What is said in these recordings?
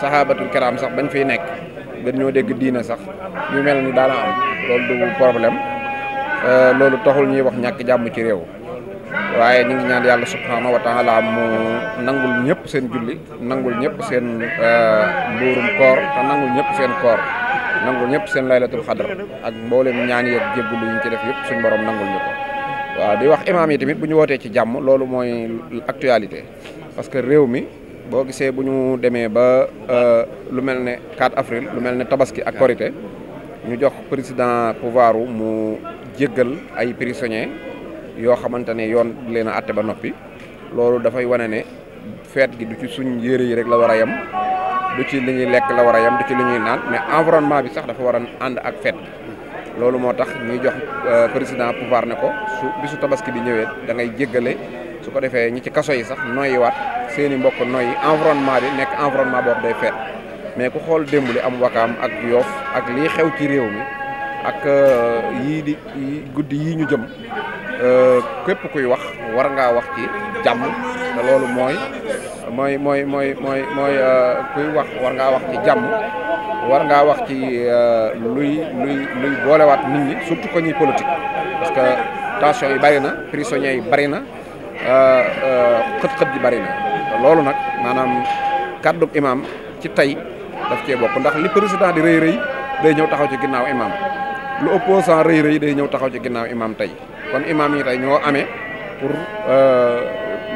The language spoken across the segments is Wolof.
saxaabatul kiraam sax bañ fiy nekk gën ñoo dégg diine sax ñu mel ni daana am loolu du problème euh, loolu taxul ñuy wax ñàkk jàmm ci réew waaye ñu ngi ñaan yàlla subhaanahu wa taala mu nangul ñëpp seen julli nangul ñëpp seen euh, mbuurum koor te nangul ñëpp seen koor nangul ñëpp seen laylatul xadar ak mboolem ñaan yeeg jéggulu yi ñu ci def yëpp suñu borom nangul ñu ko waaw wax imaam yi tamit bu ñu wootee ci jàmm loolu mooy actualité parce que réew mi boo gisee bu ñu demee ba euh, lu mel ne 4 avril lu mel ne tabaski ak korité ñu jox président pouvoir mu jéggal ay prisonniers yoo xamante ne yoon leen a àtte ba noppi loolu dafay wane ne feet gi du ci suñ yére yi rek la war a yem du ci li ñuy lekk la war a yem du ci li ñuy naan mais environnement bi sax dafa war a ànd ak feet loolu moo tax ñuy jox euh, président pouvoir ne ko su bisu tabaski bi ñëwee da ngay jéggale su ko defee ñi ci kaso yi sax noyyiwaat seen i mbokk noyyi environnement bi nekk environnement boobu day feet mais ku xool démb li am wakaam ak yoof ak lii xew ci réew mi ak euh, yii di guddi yii ñu jëm euh, képp kuy wax war ngaa wax ci jàmm loolu mooy mooy mooy mooy mooy mooy euh, kuy wax war ngaa wax ci jàmm war ngaa wax ci luy luy luy boolewaat nit ñi surtout que ñuy politique parce que tension yi bari na prisonniers yi bari na xët-xët di bari na loolu nag maanaam kàddu imam ci tey daf cee bokk ndax li président di rëy rëy day ñëw taxaw ci ginnaaw imam lu opposant rëy rëy day ñëw taxaw ci ginnaaw imam tey kon imam yi tey ñoo amee pour euh,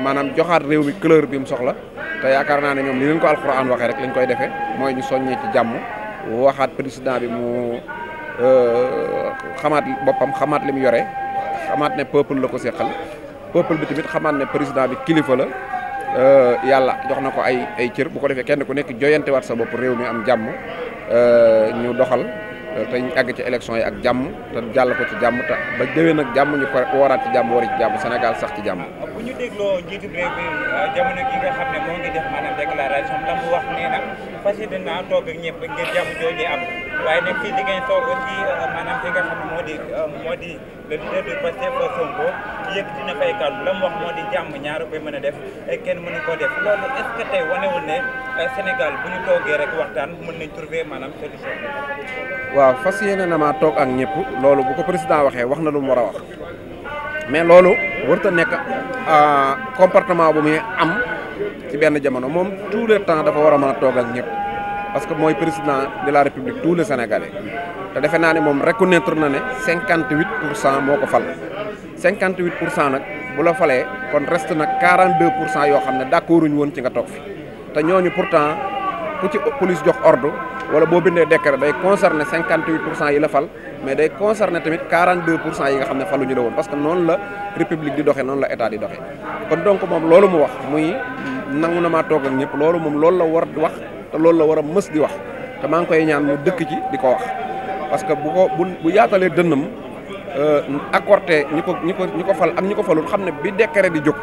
maanaam joxaat réew mi couleur bi mu soxla te yaakaar naa ne ñoom li leen ko alxuraan waxee rek lañ koy defee mooy ñu soññee ci jàmm waxaat président bi mu euh, xamaat boppam xamaat li mu yore xamaat ne peuple la ko seqal peuple bi tamit xamaat ne président bi kilifa la euh, yàlla jox na ko ay ay cër bu ko defee kenn ku nekk joyante waat sa bopp réew mi am jàmm euh, ñu doxal euh, te ñu àgg ci élection yi ak jàmm te jàll ko ci jàmm te ba déwén nag jàmm ñu ko waraat ci jàmm wari ci jàmm Sénégal sax ci jàmm. bu ñu dégloo njiitu fasiyé naa toog ak ñëpp ngir jàmm jooju am waaye nag fii Ziguinchor aussi maanaam fi nga xam di di le leader du Pastef Sonko yëkkati na fay kàddu la wax di ñaar koy mën a def kenn mënu koo def loolu est-ce que tey wanewul ne Sénégal bu ñu rek waxtaan mën nañ trouver maanaam solution waaw fas na maa toog ak ñëpp loolu bu ko président lu mu wax mais comportement bu muy am ci benn jamono moom tout le temps dafa war a mën a toog ak ñëpp parce que mooy président de la république tous les sénégalais te defe naa ne moom reconnaître na ne 58 pour cent moo ko fal pour cent nag bu la falee kon reste na 42 pour cent yoo xam ne d'accorduñ woon ci nga toog fi te ñooñu pourtant ku ci police jox ordre wala boo bindee décret day concerné 58 pour cent yi la fal mais day concerné tamit 42 pour cent yi nga xam ne faluñu la woon parce que noonu la république di doxee noonu di doxee nanguna ma tok ak ñep lolu mom lolu la war wax te lolu la wara mëss di wax te ma ngi koy ñaan mu dëkk ci diko wax parce que bu ko bu yaatalé yaatalee euh accorté ñiko ñiko ñiko fal am ñiko falul xamne bi décret di jóg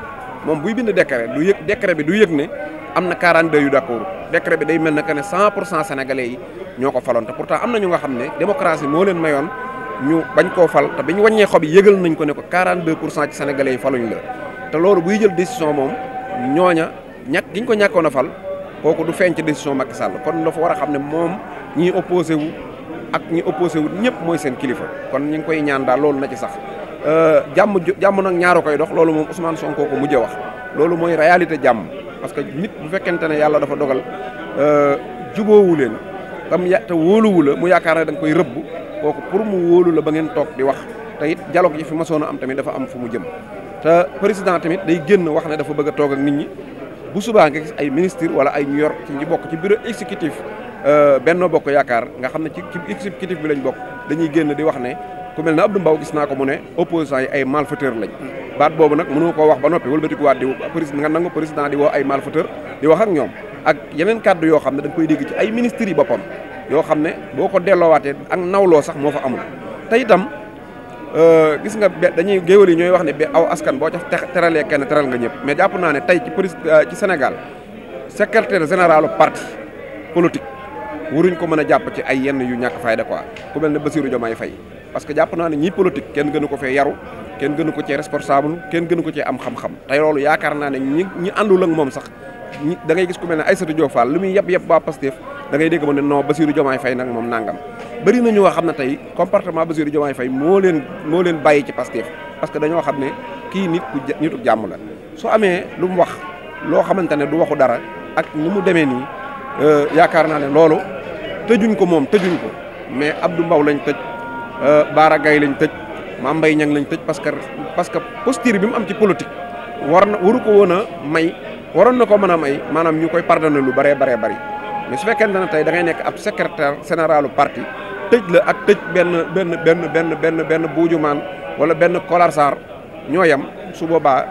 mom buy bind décret du yek décret bi du yek ne amna 42 yu d'accord décret bi day mel ne que ne 100 sénégalais yi ñoko falon te pourtant amna ñu nga xamne démocratie mo leen mayon ñu bañ ko fal te biñu ñu xobi xob nañ ko ne ko 42 ci sénégalais yi faluñ la te lolu buy jël décision mom ñoña ñàkk gi ko ñàkkoon a fal kooku du feeñ ci décision Macky Sall kon dafa war a xam ne moom ñi opposé wu ak ñi opposé wu ñëpp mooy seen kilifa kon ñu ngi koy ñaan daal loolu na ci sax euh, jàmm jàmm nag ñaaru koy dox loolu moom Ousmane Sonko ko mujjee wax loolu mooy réalité jàmm parce que nit bu fekkente ne yàlla dafa dogal euh, juboowu leen tam ya te wóoluwu la mu yaakaar ne da nga koy rëbb kooku pour mu wóolu la ba ngeen toog di wax te it dialogue fi ma a am tamit dafa am fu mu jëm te président tamit day génn wax ne dafa bëgg a nit ñi bu subaa nga gis ay ministre wala ay ñu yor ci ñu bokk ci bureau exécutif euh, Benno Bokk Yaakaar nga xam ne ci ci exécutif bi lañ bokk dañuy génn di wax ne ku mel ne Abdou Mbow gis naa ko mu ne opposants yi ay malfaiteurs lañ baat boobu nag mënu koo wax ba noppi wëlbatikuwaat di président nga nangu président di woo ay malfaiteurs di wax ak ñoom ak yeneen kàddu yoo xam ne da koy dégg ci ay ministres yi boppam yoo xam ne boo ko delloowaatee ak nawloo sax moo fa amul te itam Euh, gis nga dañuy geewal yi ñoy wax ne aw askan bo ca teralee kenn teral nga ñep mais japp naa ne tey ci euh, ci Sénégal secrétaire général parti politique waruñ ko mëna japp ci ay yenn yu ñak fayda quoi ku melni basirou Bassirou Diomaye Faye parce que japp naa ne ñii politique kenn gënu ko fee yaru kenn gënu ko cee responsable kenn gënu ko cee am xam-xam tay lolu yaakar naa ne ñi andul ak mom sax da ngay gis ku melni aissatou Aïssatou lu muy yeb Pastef dangay ngay dégg ma ne non Bassirou Diomaye Faye nag moom nangam bëri nañu nga xam ne tey comportement Bassirou Diomaye Faye moo leen moo leen bàyyi ci Pastef parce que dañoo xam ne kii nit ku nitu jàmm la soo amee lu mu wax loo xamante ne du waxu dara ak nu mu demee nii euh, yaakaar naa ne loolu tëjuñ ko moom tëjuñ ko mais ab Abdou mbaw lañ tëj euh, Baara Gaye lañ tëj Mame Mbaye Niang lañ tëj parce que parce que posture bi mu am ci politique war na waru ko woon a may waroon na ko mën a may maanaam ñu koy pardonné lu bëree baree bëri mais su fekkente ne tey da ngay nekk ab secrétaire généralu parti tëj la ak tëj benn benn benn benn benn benn buujumaan wala benn kolarsaar ñoo Il su boobaa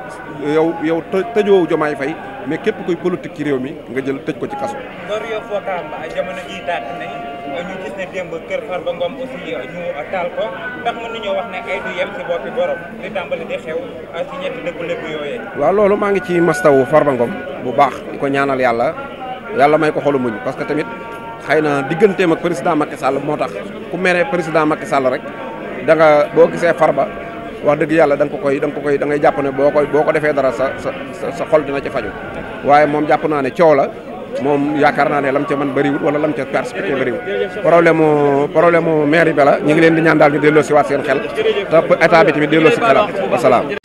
yow yow tëjoo jomaay fay mais képp kuy politique ci réew mi nga jël tëj ko ci kaso. loolu yow foo taal jamono jii tàkk ne ñu gis ne démb kër Farba Ngom aussi ñu taal ko ndax mënuñoo wax ne ay du yem si boppi borom li tàmbali di xew si ñetti dëkku-dëkku yooyee. waaw loolu maa ngi ci mastawu bu baax di ko ñaanal yàlla. yàlla may ko xolu muñ parce que tamit xëy na digganteem ak président Macky Sall moo tax ku mere président Macky Sall rek da nga boo gisee ba wax dëgg yàlla da nga koy da nga ko koy ngay jàpp ne boo koy boo ko defee dara sa sa xol dina ci faju waaye moom jàpp naa ne coow la moom yaakaar naa ne lam ca mën bëriwut wala lam ca perspective bëriwut problème mu problème mu maire la ñu ngi leen di ñaan daal ñu delloo si waat seen xel te état bi tamit delloo si xelam